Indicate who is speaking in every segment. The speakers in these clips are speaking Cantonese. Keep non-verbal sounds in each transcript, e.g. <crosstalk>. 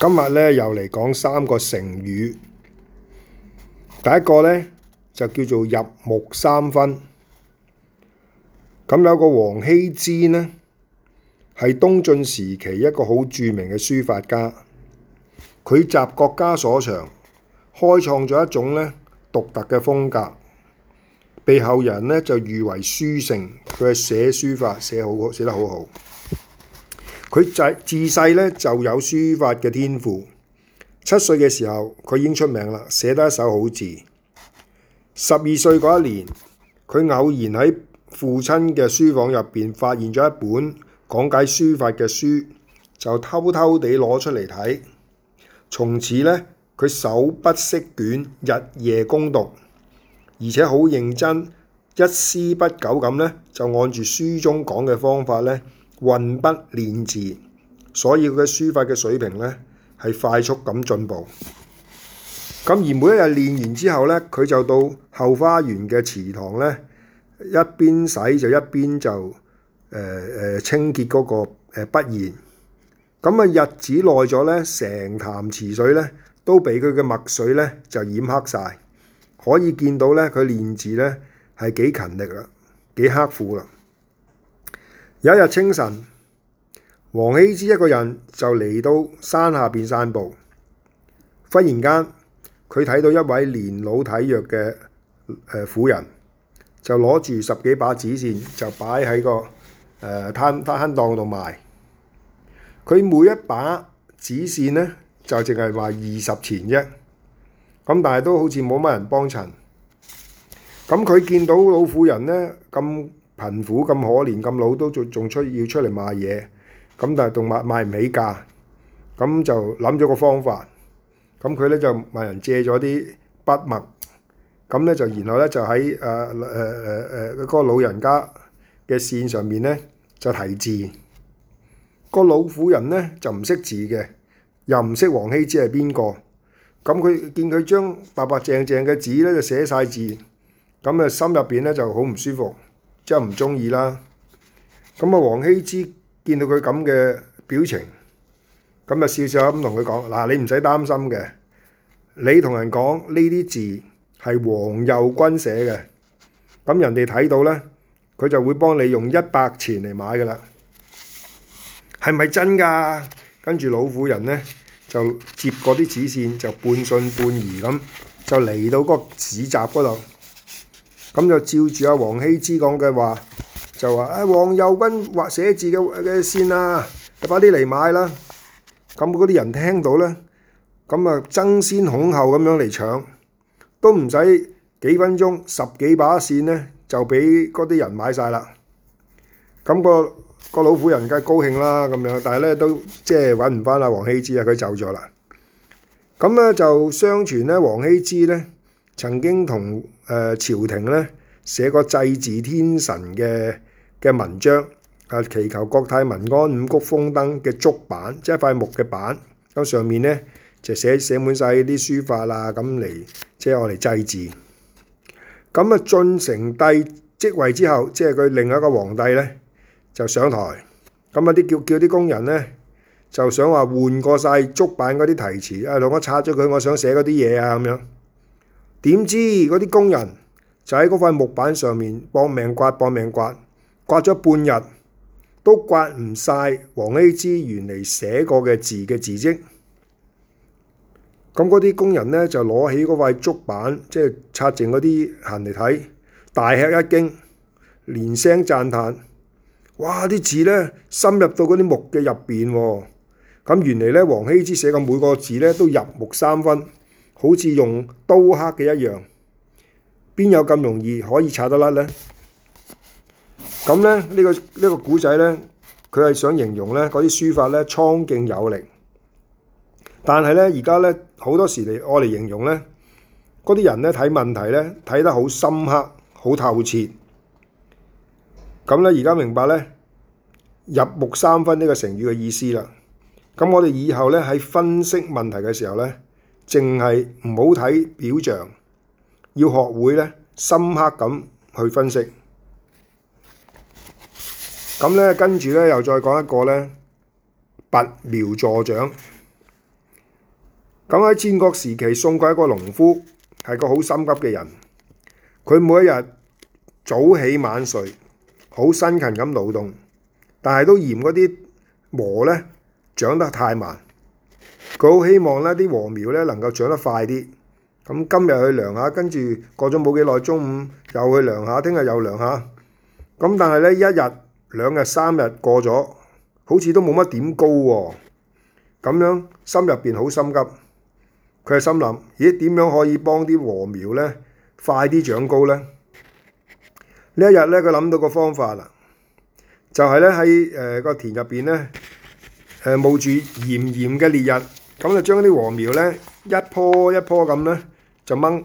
Speaker 1: 今日咧又嚟講三個成語。第一個咧就叫做入木三分。咁有個王羲之咧，係東晉時期一個好著名嘅書法家。佢集各家所長，開創咗一種咧獨特嘅風格，被後人咧就譽為書聖。佢係寫書法寫好，寫得好好。佢就自細咧就有書法嘅天賦。七歲嘅時候，佢已經出名啦，寫得一手好字。十二歲嗰一年，佢偶然喺父親嘅書房入邊發現咗一本講解書法嘅書，就偷偷地攞出嚟睇。從此咧，佢手不釋卷，日夜攻讀，而且好認真，一絲不苟咁咧，就按住書中講嘅方法咧。運筆練字，所以佢嘅書法嘅水平咧係快速咁進步。咁而每一日練完之後咧，佢就到後花園嘅池塘咧，一邊洗就一邊就誒誒、呃呃、清潔嗰、那個誒、呃、筆硯。咁、嗯、啊日子耐咗咧，成潭池水咧都俾佢嘅墨水咧就染黑晒。可以見到咧佢練字咧係幾勤力啦，幾刻苦啦。有一日清晨，王羲之一個人就嚟到山下邊散步。忽然間，佢睇到一位年老體弱嘅誒婦人，就攞住十幾把紙扇，就擺喺個誒攤攤檔度賣。佢每一把紙扇呢，就淨係話二十錢啫。咁但係都好似冇乜人幫襯。咁佢見到老婦人呢，咁。貧苦咁可憐咁老都仲仲出要出嚟賣嘢，咁但係動物賣唔起價，咁就諗咗個方法，咁佢咧就問人借咗啲筆墨，咁咧就然後咧就喺誒誒誒誒嗰個老人家嘅線上面咧就提字。那個老婦人咧就唔識字嘅，又唔識王羲之係邊個，咁佢見佢將白白淨淨嘅紙咧就寫晒字，咁啊心入邊咧就好唔舒服。即係唔中意啦。咁啊，王羲之見到佢咁嘅表情，咁 <music> 就笑笑咁同佢講：嗱， <music> 你唔使擔心嘅，你同人講呢啲字係王右軍寫嘅，咁人哋睇到咧，佢就會幫你用一百錢嚟買噶啦。係咪真㗎？跟住老婦人咧就接過啲紙線，就半信半疑咁就嚟到個市集嗰度。咁就照住阿王羲之講嘅話，就話啊，王右軍畫寫字嘅嘅扇啊，快啲嚟買啦！咁嗰啲人聽到咧，咁啊爭先恐後咁樣嚟搶，都唔使幾分鐘，十幾把扇咧就俾嗰啲人買晒啦。咁個個老婦人梗係高興啦，咁樣，但係咧都即係揾唔翻阿王羲之啊，佢走咗啦。咁咧就相傳咧，王羲之咧。曾經同誒朝廷咧寫過祭祀天神嘅嘅文章，啊祈求國泰民安五穀豐登嘅竹板，即係塊木嘅板咁，上面咧就寫寫滿晒啲書法啦，咁嚟即係我嚟祭祀。咁啊，晉成帝即位之後，即係佢另一個皇帝咧就上台，咁啊啲叫叫啲工人咧就想話換過晒竹板嗰啲題詞，啊、哎，同我拆咗佢，我想寫嗰啲嘢啊咁樣。點知嗰啲工人就喺嗰塊木板上面搏命刮，搏命刮，刮咗半日都刮唔晒，王羲之原嚟寫過嘅字嘅字跡。咁嗰啲工人咧就攞起嗰塊竹板，即係擦淨嗰啲痕嚟睇，大吃一驚，連聲讚歎：哇！啲字咧深入到嗰啲木嘅入邊喎。咁原嚟咧，王羲之寫嘅每個字咧都入木三分。好似用刀刻嘅一樣，邊有咁容易可以拆得甩咧？咁咧呢、呢個、呢個、呢個古仔咧，佢係想形容咧嗰啲書法咧蒼勁有力，但係咧而家咧好多時嚟我嚟形容咧，嗰啲人咧睇問題咧睇得好深刻、好透徹，咁咧而家明白咧入木三分呢個成語嘅意思啦。咁我哋以後咧喺分析問題嘅時候咧。淨係唔好睇表象，要學會咧深刻咁去分析。咁咧跟住咧又再講一個咧拔苗助長。咁喺戰國時期，宋國一個農夫係個好心急嘅人，佢每一日早起晚睡，好辛勤咁勞動，但係都嫌嗰啲禾咧長得太慢。佢好希望咧，啲禾苗咧能夠長得快啲。咁今日去量下，跟住過咗冇幾耐，中午又去量下，聽日又量下。咁但係咧，一日、兩日、三日過咗，好似都冇乜點高喎。咁樣心入邊好心急，佢係心諗：咦，點樣可以幫啲禾苗咧快啲長高咧？呢一日咧，佢諗到個方法啦，就係咧喺誒個田入邊咧誒冒住炎炎嘅烈日。咁就將啲禾苗咧一樖一樖咁咧就掹，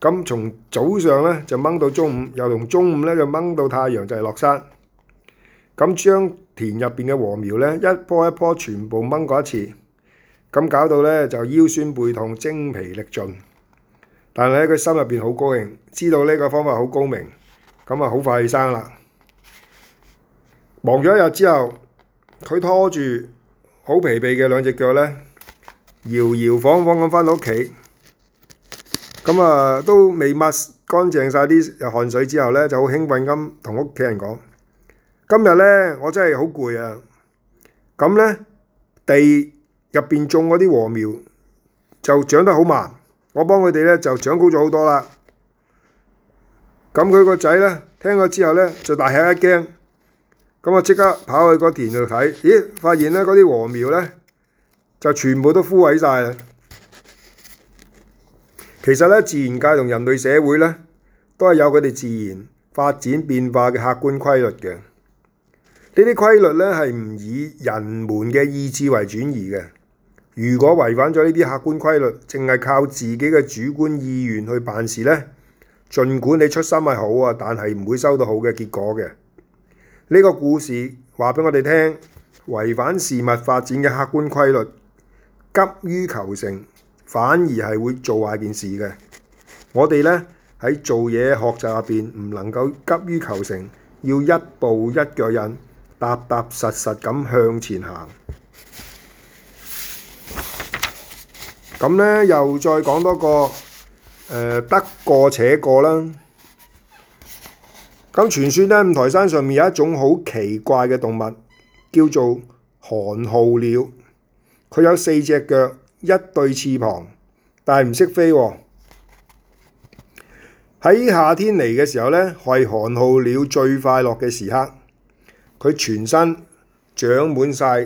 Speaker 1: 咁從早上咧就掹到中午，又從中午咧就掹到太陽就係落山。咁將田入邊嘅禾苗咧一樖一樖全部掹過一次，咁搞到咧就腰酸背痛、精疲力盡。但係咧，佢心入邊好高興，知道呢個方法好高明，咁啊好快生啦。忙咗一日之後，佢拖住好疲憊嘅兩隻腳咧，搖搖晃晃咁返到屋企，咁啊都未抹乾淨晒啲汗水之後咧，就好興奮咁同屋企人講：今日咧我真係好攰啊！咁咧地入邊種嗰啲禾苗就長得好慢，我幫佢哋咧就長高咗好多啦。咁佢個仔咧聽咗之後咧就大吃一驚。咁我即刻跑去個田度睇，咦？發現咧嗰啲禾苗咧就全部都枯萎晒啦。其實咧，自然界同人類社會咧都係有佢哋自然發展變化嘅客觀規律嘅。呢啲規律咧係唔以人們嘅意志為轉移嘅。如果違反咗呢啲客觀規律，淨係靠自己嘅主觀意願去辦事咧，儘管你出心係好啊，但係唔會收到好嘅結果嘅。呢個故事話畀我哋聽，違反事物發展嘅客觀規律，急於求成，反而係會做壞件事嘅。我哋呢喺做嘢學習入邊，唔能夠急於求成，要一步一腳印，踏踏實實咁向前行。咁呢，又再講多個，誒、呃、得過且過啦。咁傳說咧，五台山上面有一種好奇怪嘅動物，叫做寒號鳥。佢有四隻腳，一對翅膀，但係唔識飛喎、哦。喺夏天嚟嘅時候咧，係寒號鳥最快樂嘅時刻。佢全身長滿晒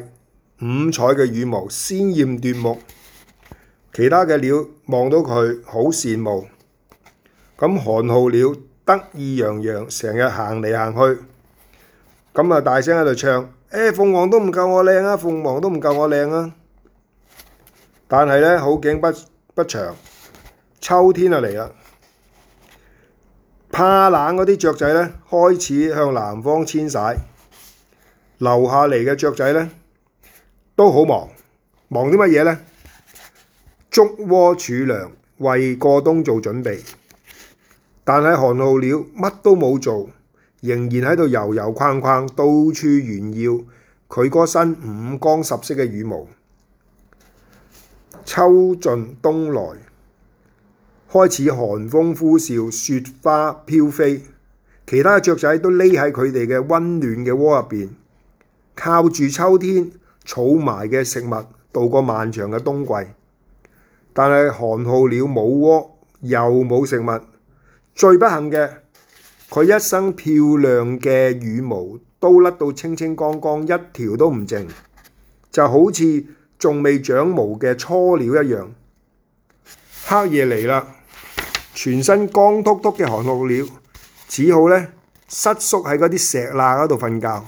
Speaker 1: 五彩嘅羽毛，鮮艷奪目。其他嘅鳥望到佢好羨慕。咁寒號鳥，得意洋洋，成日行嚟行去，咁啊大聲喺度唱，誒、欸、鳳凰都唔夠我靚啊，鳳凰都唔夠我靚啊！但係咧好景不不長，秋天就嚟啦。怕冷嗰啲雀仔咧，開始向南方遷徙，留下嚟嘅雀仔咧，都好忙，忙啲乜嘢咧？捉窩儲糧，為過冬做準備。但係寒號鳥乜都冇做，仍然喺度遊遊逛逛，到處炫耀佢嗰身五光十色嘅羽毛。秋盡冬來，開始寒風呼嘯，雪花飄飛。其他雀仔都匿喺佢哋嘅温暖嘅窩入邊，靠住秋天儲埋嘅食物度過漫長嘅冬季。但係寒號鳥冇窩又冇食物。最不幸嘅，佢一身漂亮嘅羽毛都甩到清清光光，一條都唔剩，就好似仲未長毛嘅初鳥一樣。黑夜嚟啦，全身光禿禿嘅寒號鳥，只好咧瑟縮喺嗰啲石罅嗰度瞓覺。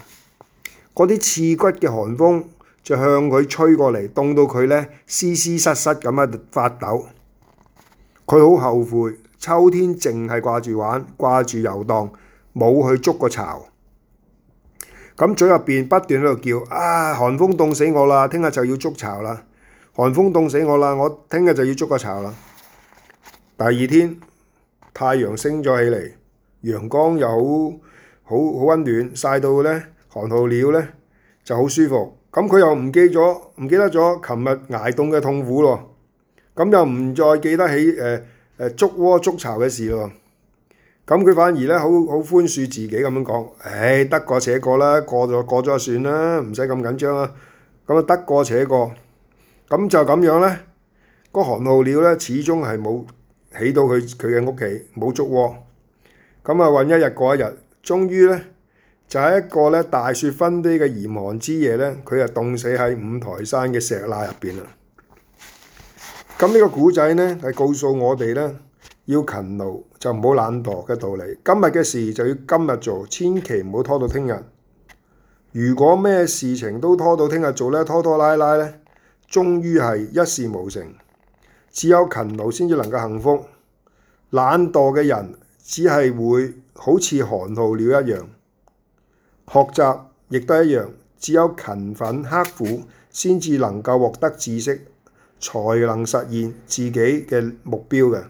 Speaker 1: 嗰啲刺骨嘅寒風就向佢吹過嚟，凍到佢咧絲絲濕濕咁喺度發抖。佢好後悔。秋天淨係掛住玩，掛住遊蕩，冇去捉個巢。咁、嗯、嘴入邊不斷喺度叫：啊，寒風凍死我啦！聽日就要捉巢啦。寒風凍死我啦！我聽日就要捉個巢啦。第二天太陽升咗起嚟，陽光又好好好溫暖，曬到咧寒號鳥咧就好舒服。咁、嗯、佢又唔記咗，唔記得咗琴日挨凍嘅痛苦咯。咁、嗯、又唔再記得起誒。呃誒捉窩捉巢嘅事囉，咁佢反而咧好好寬恕自己咁樣講，唉、哎，得過且過啦，過咗過咗就算啦，唔使咁緊張啦，咁、嗯、啊得過且過，咁、嗯、就咁樣咧，個寒號鳥咧始終係冇起到佢佢嘅屋企，冇捉窩，咁、嗯、啊混一日過一日，終於咧就喺一個咧大雪紛飛嘅嚴寒之夜咧，佢就凍死喺五台山嘅石罅入邊啦。咁呢個古仔呢，係告訴我哋呢，要勤勞就唔好懶惰嘅道理。今日嘅事就要今日做，千祈唔好拖到聽日。如果咩事情都拖到聽日做呢，拖拖拉拉呢，終於係一事無成。只有勤勞先至能夠幸福，懶惰嘅人只係會好似寒號鳥一樣。學習亦都一樣，只有勤奮刻苦先至能夠獲得知識。才能實現自己嘅目標嘅。